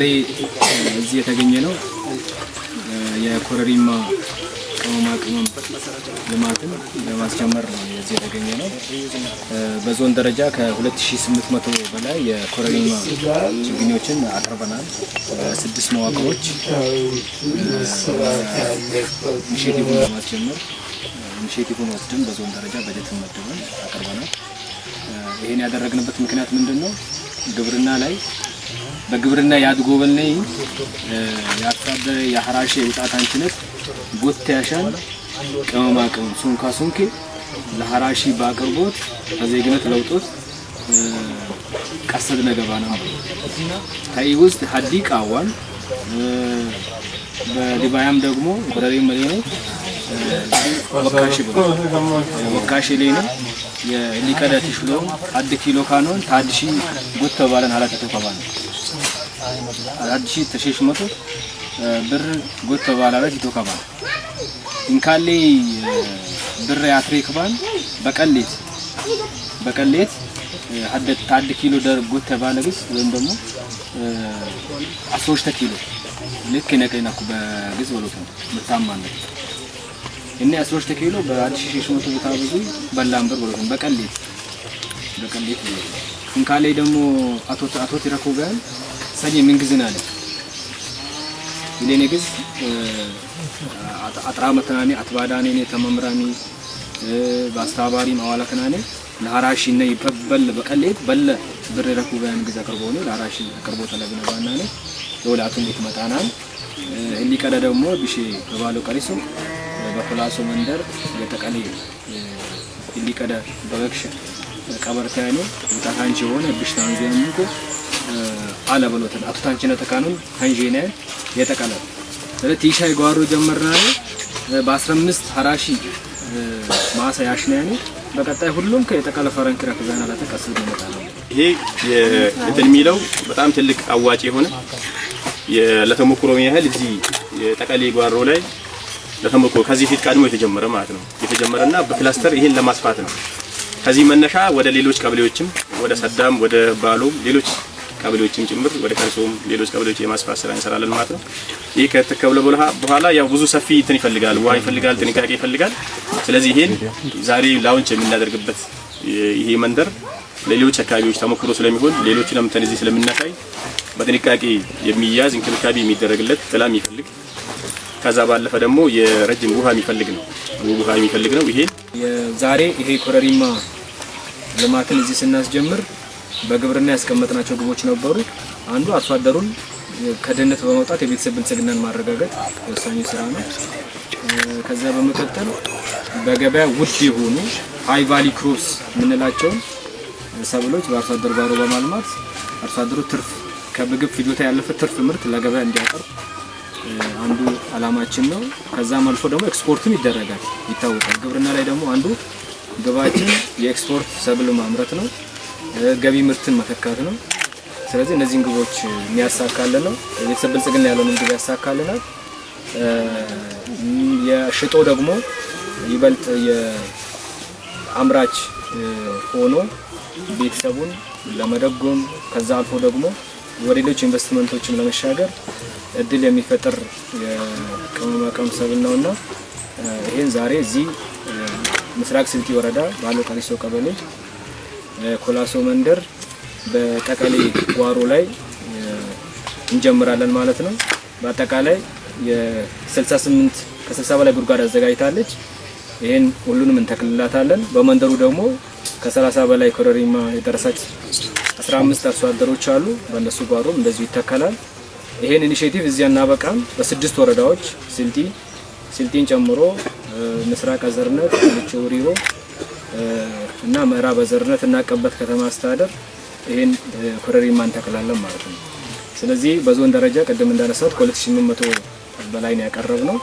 ዛሬ እዚህ የተገኘ ነው የኮረሪማ ቅመማ ቅመም ልማትን ለማስጀመር ነው እዚህ የተገኘ ነው። በዞን ደረጃ ከ2800 በላይ የኮረሪማ ችግኞችን አቅርበናል። ስድስት መዋቅሮች ኢኒሼቲቭን ለማስጀመር ኢኒሼቲቭን ወስድን በዞን ደረጃ በጀት መድበን አቅርበናል። ይህን ያደረግንበት ምክንያት ምንድን ነው? ግብርና ላይ በግብርና ያድጎበልነይ ያጣበ ያሐራሽ የውጣት አንችነት ቦት ያሻን ቅመማ ቅመም ሱንካ ሱንኬ ለሐራሺ በአቅርቦት በዜግነት ለውጦት ቀሰድ ነገባ ነው ታይ ውስጥ ሀዲ ቃዋን በዲባያም ደግሞ ወረሬ መሌ ነው ወካሽ ብሎ ወካሽ ላይ ነው የሊቀዳ ትሽሎ አድ ኪሎ ካኖን ታድሺ ጉት ተባለን ሀላቀ ተባለን አዲሽ ተሸሽመቱ ብር ጎት ተባላበት ይቶከባል እንካሌ ብር ያትሬክባል በቀሌት በቀሌት ሀደት ኪሎ ደር ጎት ተባለግስ ወይም ደግሞ አስሮሽተ ኪሎ ልክ ነቀይናኩ በግዝ ወሎት ምታማነት እኔ አስሮሽተ ኪሎ በአዲሽ ሸሽመቱ ቦታ ብዙ በላም ብር ወሎት በቀሌት በቀሌት እንካሌ ደግሞ አቶ አቶ ትረኩ ጋር ሰኔ ምን ግዝን አለ ግዝ አጥራ መተናኔ አትባዳኔ ነ ተመምራኒ በአስተባባሪ ማዋላ ከናኔ ለሐራሽ ነ ይበል በቀሌት በለ ብር ረኩባን ግዛ ቀርቦ ነው ለሐራሽ ቀርቦ ተለግነ ባናኔ ለወላቱን ይትመጣናል ቀደ ደግሞ ቢሽ በባሎ ቀሪሱ በኩላሶ መንደር የተቀለ ቀደ በበክሽ ቀበርታ ነው ወጣታን ሲሆነ ብሽታን ዘምኩ አለ አለበሎትን አቱታንችነ ተቃኑን ከንዥነ የተቀለ ስለዚህ ቲሻይ ጓሮ ጀመርና በ15 ሀራሺ ማሳ ያሽነያኒ በቀጣይ ሁሉም ከየተቀለ ፈረንክ ረክዛና ለተቀስ ይመጣል። ይሄ እንትን የሚለው በጣም ትልቅ አዋጭ የሆነ ለተሞክሮ ያህል እዚህ የጠቀሌ ጓሮ ላይ ለተሞክሮ ከዚህ ፊት ቀድሞ የተጀመረ ማለት ነው። የተጀመረና በክላስተር ይሄን ለማስፋት ነው። ከዚህ መነሻ ወደ ሌሎች ቀበሌዎችም ወደ ሰዳም፣ ወደ ባሎም ሌሎች ቀበሌዎችም ጭምር ወደ ከርሶም ሌሎች ቀበሌዎች የማስፋት ስራ እንሰራለን ማለት ነው። ይህ ከተከብለ በኋላ ያው ብዙ ሰፊ እንትን ይፈልጋል፣ ውሃ ይፈልጋል፣ ጥንቃቄ ይፈልጋል። ስለዚህ ይሄን ዛሬ ላውንች የምናደርግበት ይሄ መንደር ለሌሎች አካባቢዎች ተሞክሮ ስለሚሆን ሌሎችንም ተን እዚህ ስለምናሳይ በጥንቃቄ የሚያዝ እንክብካቤ የሚደረግለት ጥላ የሚፈልግ ከዛ ባለፈ ደግሞ የረጅም ውሃ የሚፈልግ ነው። ውሃ የሚፈልግ ነው። ይሄ ዛሬ ይሄ ኮረሪማ ልማትን እዚህ ስናስጀምር በግብርና ያስቀመጥናቸው ግቦች ነበሩ። አንዱ አርሶ አደሩን ከድህነት በመውጣት የቤተሰብ ብልጽግናን ማረጋገጥ ወሳኙ ስራ ነው። ከዚያ በመቀጠል በገበያ ውድ የሆኑ ሃይ ቫሊ ክሮፕስ የምንላቸውን ሰብሎች በአርሶ አደር በማልማት አርሶ አደሩ ትርፍ ከምግብ ፍጆታ ያለፈ ትርፍ ምርት ለገበያ እንዲያቀርብ አንዱ አላማችን ነው። ከዛም አልፎ ደግሞ ኤክስፖርትም ይደረጋል ይታወቃል። ግብርና ላይ ደግሞ አንዱ ግባችን የኤክስፖርት ሰብል ማምረት ነው። ገቢ ምርትን መተካት ነው። ስለዚህ እነዚህን ግቦች የሚያሳካልን ነው። የቤተሰብ ብልጽግና ያለውን ግብ ያሳካልናል። የሽጦ ደግሞ ይበልጥ የአምራች ሆኖ ቤተሰቡን ለመደጎም ከዛ አልፎ ደግሞ ወደ ሌሎች ኢንቨስትመንቶችም ለመሻገር እድል የሚፈጥር የቅመማ ቅመም ሰብል ነውና ይህን ዛሬ እዚህ ምስራቅ ስልጤ ወረዳ ባለው ቀሊሶ ቀበሌ ኮላሶ መንደር በጠቀሌ ጓሮ ላይ እንጀምራለን ማለት ነው። በአጠቃላይ የ68 ከ60 በላይ ጉድጓድ አዘጋጅታለች። ይህን ሁሉንም እንተክልላታለን። በመንደሩ ደግሞ ከ30 በላይ ኮረሪማ የደረሳች 15 አርሶ አደሮች አሉ። በእነሱ ጓሮም እንደዚሁ ይተከላል። ይሄን ኢኒሼቲቭ እዚያ እናበቃም። በስድስት ወረዳዎች ስልጢ ስልጢን ጨምሮ ምስራቅ አዘርነት፣ ልቾ፣ ሪሮ እና ምዕራብ አዘርነት እና ቀበት ከተማ አስተዳደር ይህን ኮረሪማ እንተክላለን ማለት ነው። ስለዚህ በዞን ደረጃ ቅድም እንዳነሳት ከ2800 በላይ ነው ያቀረብነው።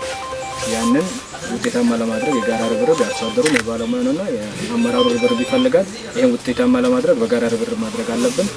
ያንን ውጤታማ ለማድረግ የጋራ ርብርብ የአርሶ አደሩ የባለሙያውና የአመራሩ ርብርብ ይፈልጋል። ይህን ውጤታማ ለማድረግ በጋራ ርብርብ ማድረግ አለብን።